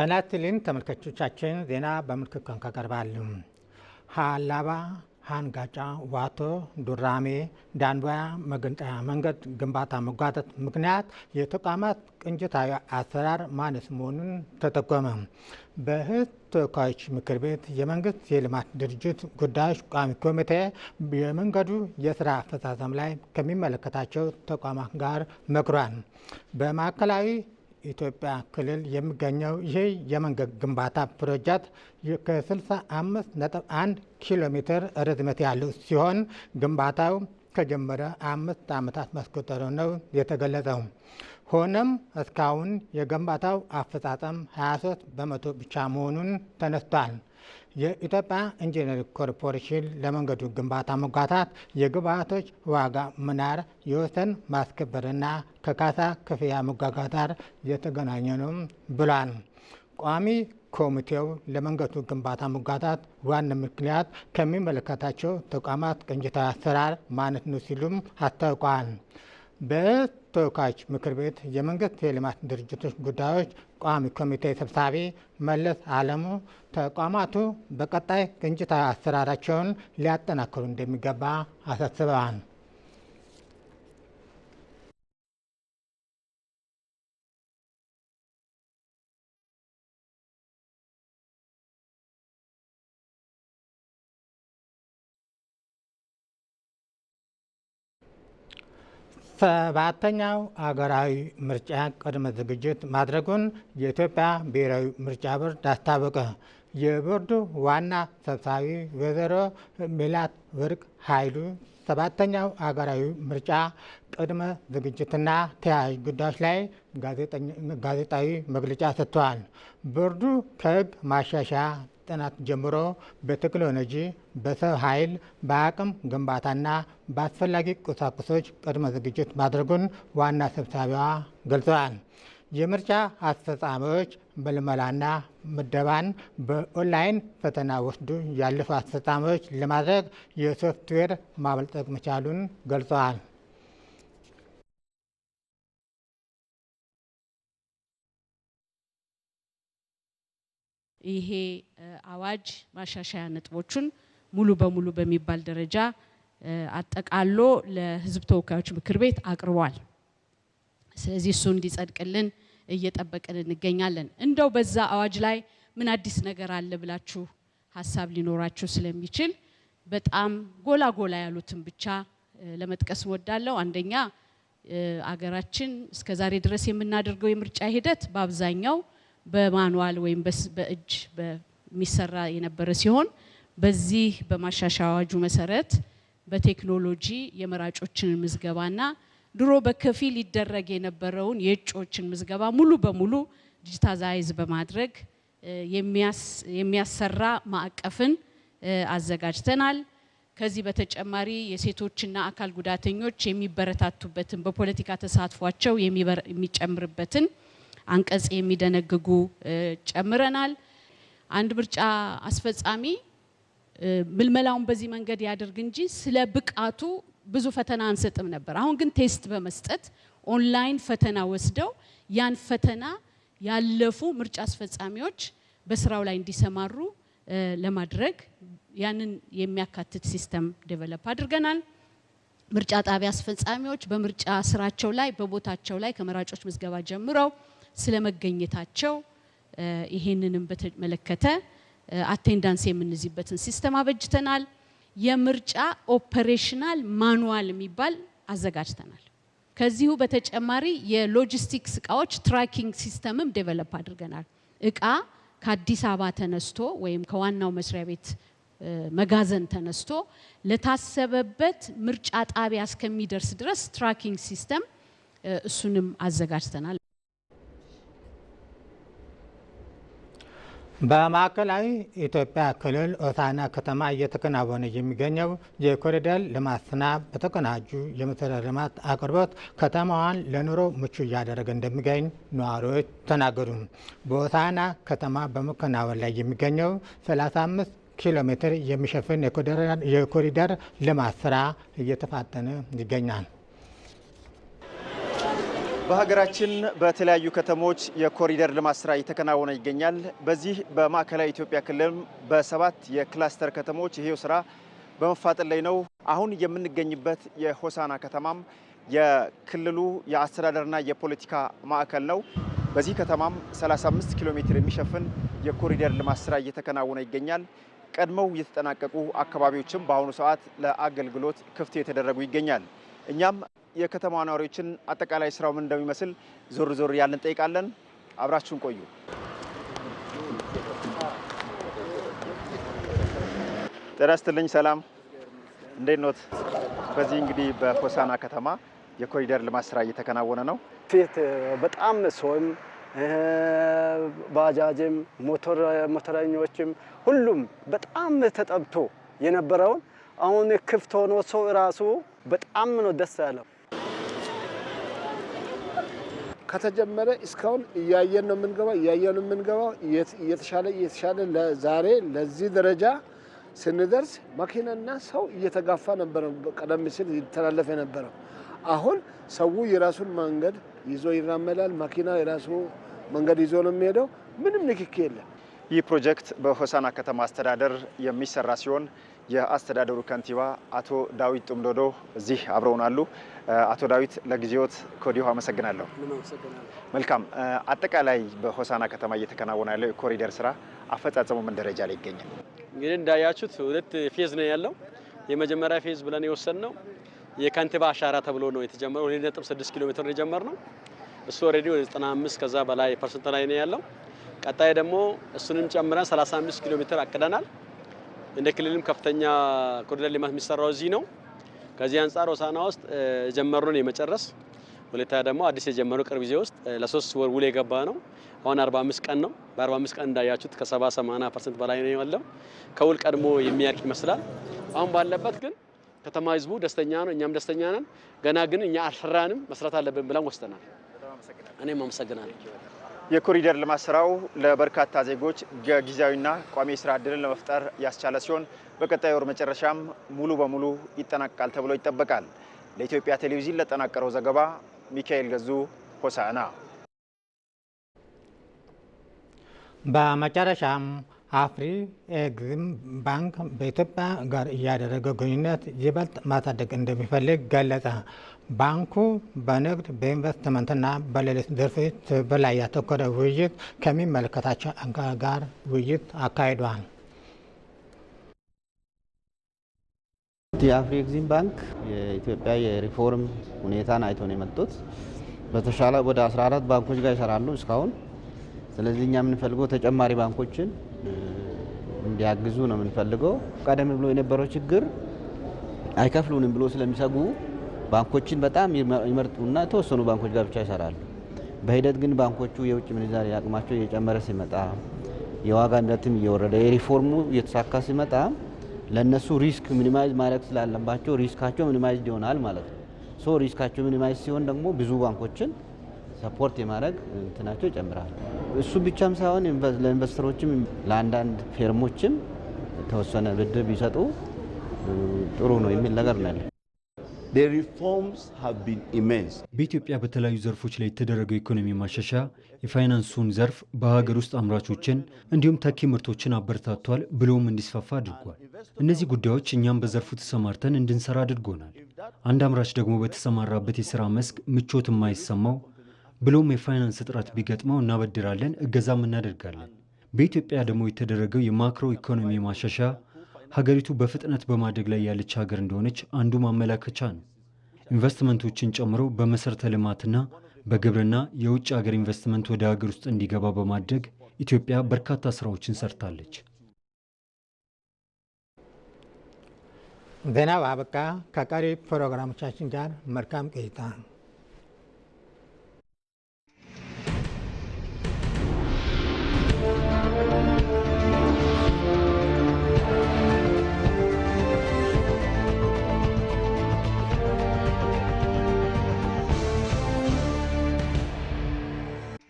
ጤና ይስጥልን ተመልካቾቻችን፣ ዜና በምልክት ቋንቋ ቀርባል። ሀላባ ሀንጋጫ ዋቶ ዱራሜ ዳንባያ መገንጠያ መንገድ ግንባታ መጓተት ምክንያት የተቋማት ቅንጅታዊ አሰራር ማነስ መሆኑን ተጠቆመ። በሕዝብ ተወካዮች ምክር ቤት የመንግስት የልማት ድርጅት ጉዳዮች ቋሚ ኮሚቴ የመንገዱ የስራ አፈጻጸም ላይ ከሚመለከታቸው ተቋማት ጋር መክሯል። በማዕከላዊ ኢትዮጵያ ክልል የሚገኘው ይህ የመንገድ ግንባታ ፕሮጀክት ከ65.1 ኪሎ ሜትር ርዝመት ያለው ሲሆን ግንባታው ከጀመረ አምስት ዓመታት ማስቆጠሩ ነው የተገለጸው። ሆነም እስካሁን የግንባታው አፈጻጸም 23 በመቶ ብቻ መሆኑን ተነስቷል። የኢትዮጵያ ኢንጂነሪ ኮርፖሬሽን ለመንገዱ ግንባታ መጓታት የግብዓቶች ዋጋ መናር የወሰን ማስከበርና ከካሳ ክፍያ መጓጋት የተገናኘ ነው ብሏል። ቋሚ ኮሚቴው ለመንገዱ ግንባታ መጓታት ዋና ምክንያት ከሚመለከታቸው ተቋማት ቅንጅታዊ አሰራር ማነት ነው ሲሉም አስታውቀዋል። በተወካዮች ምክር ቤት የመንግስት የልማት ድርጅቶች ጉዳዮች ቋሚ ኮሚቴ ሰብሳቢ መለስ አለሙ ተቋማቱ በቀጣይ ቅንጅታዊ አሰራራቸውን ሊያጠናክሩ እንደሚገባ አሳስበዋል። ሰባተኛው አገራዊ ምርጫ ቅድመ ዝግጅት ማድረጉን የኢትዮጵያ ብሔራዊ ምርጫ ቦርድ አስታወቀ። የቦርዱ ዋና ሰብሳቢ ወይዘሮ ሜላት ወርቅ ኃይሉ ሰባተኛው አገራዊ ምርጫ ቅድመ ዝግጅትና ተያያዥ ጉዳዮች ላይ ጋዜጣዊ መግለጫ ሰጥተዋል። ቦርዱ ከሕግ ማሻሻያ ጥናት ጀምሮ በቴክኖሎጂ፣ በሰው ኃይል፣ በአቅም ግንባታና በአስፈላጊ ቁሳቁሶች ቅድመ ዝግጅት ማድረጉን ዋና ሰብሳቢዋ ገልጸዋል። የምርጫ አስፈጻሚዎች ምልመላና ምደባን በኦንላይን ፈተና ወስዱ ያለፉ አስፈጻሚዎች ለማድረግ የሶፍትዌር ማበልጸግ መቻሉን ገልጸዋል። ይሄ አዋጅ ማሻሻያ ነጥቦቹን ሙሉ በሙሉ በሚባል ደረጃ አጠቃሎ ለሕዝብ ተወካዮች ምክር ቤት አቅርቧል። ስለዚህ እሱ እንዲጸድቅልን እየጠበቅን እንገኛለን። እንደው በዛ አዋጅ ላይ ምን አዲስ ነገር አለ ብላችሁ ሀሳብ ሊኖራችሁ ስለሚችል በጣም ጎላ ጎላ ያሉትን ብቻ ለመጥቀስ እወዳለሁ። አንደኛ አገራችን እስከዛሬ ድረስ የምናደርገው የምርጫ ሂደት በአብዛኛው በማንዋል ወይም በእጅ የሚሰራ የነበረ ሲሆን በዚህ በማሻሻያ አዋጁ መሰረት በቴክኖሎጂ የመራጮችን ምዝገባና ድሮ በከፊል ይደረግ የነበረውን የእጩዎችን ምዝገባ ሙሉ በሙሉ ዲጂታላይዝ በማድረግ የሚያሰራ ማዕቀፍን አዘጋጅተናል። ከዚህ በተጨማሪ የሴቶችና አካል ጉዳተኞች የሚበረታቱበትን በፖለቲካ ተሳትፏቸው የሚጨምርበትን አንቀጽ የሚደነግጉ ጨምረናል። አንድ ምርጫ አስፈጻሚ ምልመላውን በዚህ መንገድ ያደርግ እንጂ ስለ ብቃቱ ብዙ ፈተና አንሰጥም ነበር። አሁን ግን ቴስት በመስጠት ኦንላይን ፈተና ወስደው ያን ፈተና ያለፉ ምርጫ አስፈጻሚዎች በስራው ላይ እንዲሰማሩ ለማድረግ ያንን የሚያካትት ሲስተም ዴቨሎፕ አድርገናል። ምርጫ ጣቢያ አስፈጻሚዎች በምርጫ ስራቸው ላይ በቦታቸው ላይ ከመራጮች ምዝገባ ጀምረው ስለመገኘታቸው ይሄንንም በተመለከተ አቴንዳንስ የምንዚበትን ሲስተም አበጅተናል። የምርጫ ኦፐሬሽናል ማኑዋል የሚባል አዘጋጅተናል። ከዚሁ በተጨማሪ የሎጂስቲክስ እቃዎች ትራኪንግ ሲስተምም ዴቨሎፕ አድርገናል። እቃ ከአዲስ አበባ ተነስቶ ወይም ከዋናው መስሪያ ቤት መጋዘን ተነስቶ ለታሰበበት ምርጫ ጣቢያ እስከሚደርስ ድረስ ትራኪንግ ሲስተም እሱንም አዘጋጅተናል በማዕከላዊ ኢትዮጵያ ክልል ሆሳዕና ከተማ እየተከናወነ የሚገኘው የኮሪደር ልማትና በተቀናጁ የመሰረተ ልማት አቅርቦት ከተማዋን ለኑሮ ምቹ እያደረገ እንደሚገኝ ነዋሪዎች ተናገሩ። በሆሳዕና ከተማ በመከናወን ላይ የሚገኘው 35 ኪሎ ሜትር የሚሸፍን የኮሪደር ልማት ስራ እየተፋጠነ ይገኛል። በሀገራችን በተለያዩ ከተሞች የኮሪደር ልማት ስራ እየተከናወነ ይገኛል። በዚህ በማዕከላዊ ኢትዮጵያ ክልል በሰባት የክላስተር ከተሞች ይሄው ስራ በመፋጠን ላይ ነው። አሁን የምንገኝበት የሆሳና ከተማም የክልሉ የአስተዳደርና የፖለቲካ ማዕከል ነው። በዚህ ከተማም 35 ኪሎ ሜትር የሚሸፍን የኮሪደር ልማት ስራ እየተከናወነ ይገኛል። ቀድመው የተጠናቀቁ አካባቢዎችም በአሁኑ ሰዓት ለአገልግሎት ክፍት የተደረጉ ይገኛል። እኛም የከተማ ነዋሪዎችን አጠቃላይ ስራው ምን እንደሚመስል ዞር ዞር ያለን ጠይቃለን። አብራችሁን ቆዩ። ጤና ይስጥልኝ። ሰላም፣ እንዴት ኖት? በዚህ እንግዲህ በሆሳና ከተማ የኮሪደር ልማት ስራ እየተከናወነ ነው። ፊት በጣም ሰውም፣ ባጃጅም፣ ሞተረኞችም ሁሉም በጣም ተጠብቶ የነበረውን አሁን ክፍት ሆኖ ሰው ራሱ በጣም ነው ደስ ያለው። ከተጀመረ እስካሁን እያየን ነው የምንገባው፣ እያየን ነው የምንገባው። እየተሻለ እየተሻለ ዛሬ ለዚህ ደረጃ ስንደርስ መኪናና ሰው እየተጋፋ ነበረ። ቀደም ሲል ይተላለፍ የነበረው አሁን ሰው የራሱን መንገድ ይዞ ይራመዳል። መኪና የራሱ መንገድ ይዞ ነው የሚሄደው። ምንም ንክኪ የለም። ይህ ፕሮጀክት በሆሳና ከተማ አስተዳደር የሚሰራ ሲሆን የአስተዳደሩ ከንቲባ አቶ ዳዊት ጡምዶዶ እዚህ አሉ። አቶ ዳዊት ለጊዜዎት ከወዲሁ አመሰግናለሁ። መልካም። አጠቃላይ በሆሳና ከተማ እየተከናወነ ያለው የኮሪደር ስራ አፈጻጸሙ ምን ደረጃ ላይ ይገኛል? እንግዲህ እንዳያችሁት ሁለት ፌዝ ነው ያለው። የመጀመሪያ ፌዝ ብለን የወሰን ነው የከንቲባ አሻራ ተብሎ ነው የተጀመረው። ወደ ነጥብ 6 ኪሎ ሜትር ነው እሱ ኦልሬዲ ወደ 95 ከዛ በላይ ፐርሰንት ላይ ነው ያለው። ቀጣይ ደግሞ እሱንም ጨምረን 35 ኪሎ ሜትር አቅደናል። እንደ ክልልም ከፍተኛ ኮሪደር ልማት የሚሰራው እዚህ ነው። ከዚህ አንጻር ሆሳዕና ውስጥ የጀመርነውን የመጨረስ ሁለታ ደግሞ አዲስ የጀመረው ቅርብ ጊዜ ውስጥ ለሶስት ወር ውል የገባ ነው። አሁን 45 ቀን ነው። በ45 ቀን እንዳያችሁት ከ70 80 ፐርሰንት በላይ ነው ያለው። ከውል ቀድሞ የሚያልቅ ይመስላል። አሁን ባለበት ግን ከተማ ህዝቡ ደስተኛ ነው፣ እኛም ደስተኛ ነን። ገና ግን እኛ አልሰራንም፣ መስራት አለብን ብለን ወስደናል። እኔም አመሰግናለሁ። የኮሪደር ልማት ስራው ለበርካታ ዜጎች ጊዜያዊና ቋሚ የስራ እድልን ለመፍጠር ያስቻለ ሲሆን በቀጣይ ወር መጨረሻም ሙሉ በሙሉ ይጠናቀቃል ተብሎ ይጠበቃል። ለኢትዮጵያ ቴሌቪዥን ለጠናቀረው ዘገባ ሚካኤል ገዙ ሆሳዕና። በመጨረሻም አፍሪ ኤግዚም ባንክ በኢትዮጵያ ጋር እያደረገ ግንኙነት ይበልጥ ማሳደግ እንደሚፈልግ ገለጸ። ባንኩ በንግድ በኢንቨስትመንትና በሌሎች ዘርፎች ትብብር ላይ ያተኮረ ውይይት ከሚመለከታቸው ጋር ውይይት አካሂዷል። የአፍሪ ኤግዚም ባንክ የኢትዮጵያ የሪፎርም ሁኔታን አይቶ ነው የመጡት። በተሻለ ወደ 14 ባንኮች ጋር ይሰራሉ እስካሁን። ስለዚህ እኛ የምንፈልገው ተጨማሪ ባንኮችን እንዲያግዙ ነው የምንፈልገው። ቀደም ብሎ የነበረው ችግር አይከፍሉንም ብሎ ስለሚሰጉ ባንኮችን በጣም ይመርጡና የተወሰኑ ባንኮች ጋር ብቻ ይሰራሉ። በሂደት ግን ባንኮቹ የውጭ ምንዛሪ አቅማቸው እየጨመረ ሲመጣ፣ የዋጋ ንረትም እየወረደ የሪፎርሙ እየተሳካ ሲመጣ ለእነሱ ሪስክ ሚኒማይዝ ማድረግ ስላለባቸው ሪስካቸው ሚኒማይዝ ይሆናል ማለት ነው። ሶ ሪስካቸው ሚኒማይዝ ሲሆን ደግሞ ብዙ ባንኮችን ሰፖርት የማድረግ እንትናቸው ይጨምራል። እሱ ብቻም ሳይሆን ለኢንቨስተሮችም ለአንዳንድ ፌርሞችም ተወሰነ ብድር ቢሰጡ ጥሩ ነው የሚል ነገር ነው። በኢትዮጵያ በተለያዩ ዘርፎች ላይ የተደረገው ኢኮኖሚ ማሻሻያ የፋይናንሱን ዘርፍ በሀገር ውስጥ አምራቾችን እንዲሁም ተኪ ምርቶችን አበረታቷል ብሎም እንዲስፋፋ አድርጓል። እነዚህ ጉዳዮች እኛም በዘርፉ ተሰማርተን እንድንሰራ አድርጎናል። አንድ አምራች ደግሞ በተሰማራበት የሥራ መስክ ምቾት የማይሰማው ብሎም የፋይናንስ እጥረት ቢገጥመው እናበድራለን፣ እገዛም እናደርጋለን። በኢትዮጵያ ደግሞ የተደረገው የማክሮ ኢኮኖሚ ማሻሻያ ሀገሪቱ በፍጥነት በማደግ ላይ ያለች ሀገር እንደሆነች አንዱ ማመላከቻ ነው። ኢንቨስትመንቶችን ጨምሮ በመሠረተ ልማትና በግብርና የውጭ ሀገር ኢንቨስትመንት ወደ ሀገር ውስጥ እንዲገባ በማድረግ ኢትዮጵያ በርካታ ስራዎችን ሰርታለች። ዜና አበቃ። ከቀሪ ፕሮግራሞቻችን ጋር መልካም ቆይታ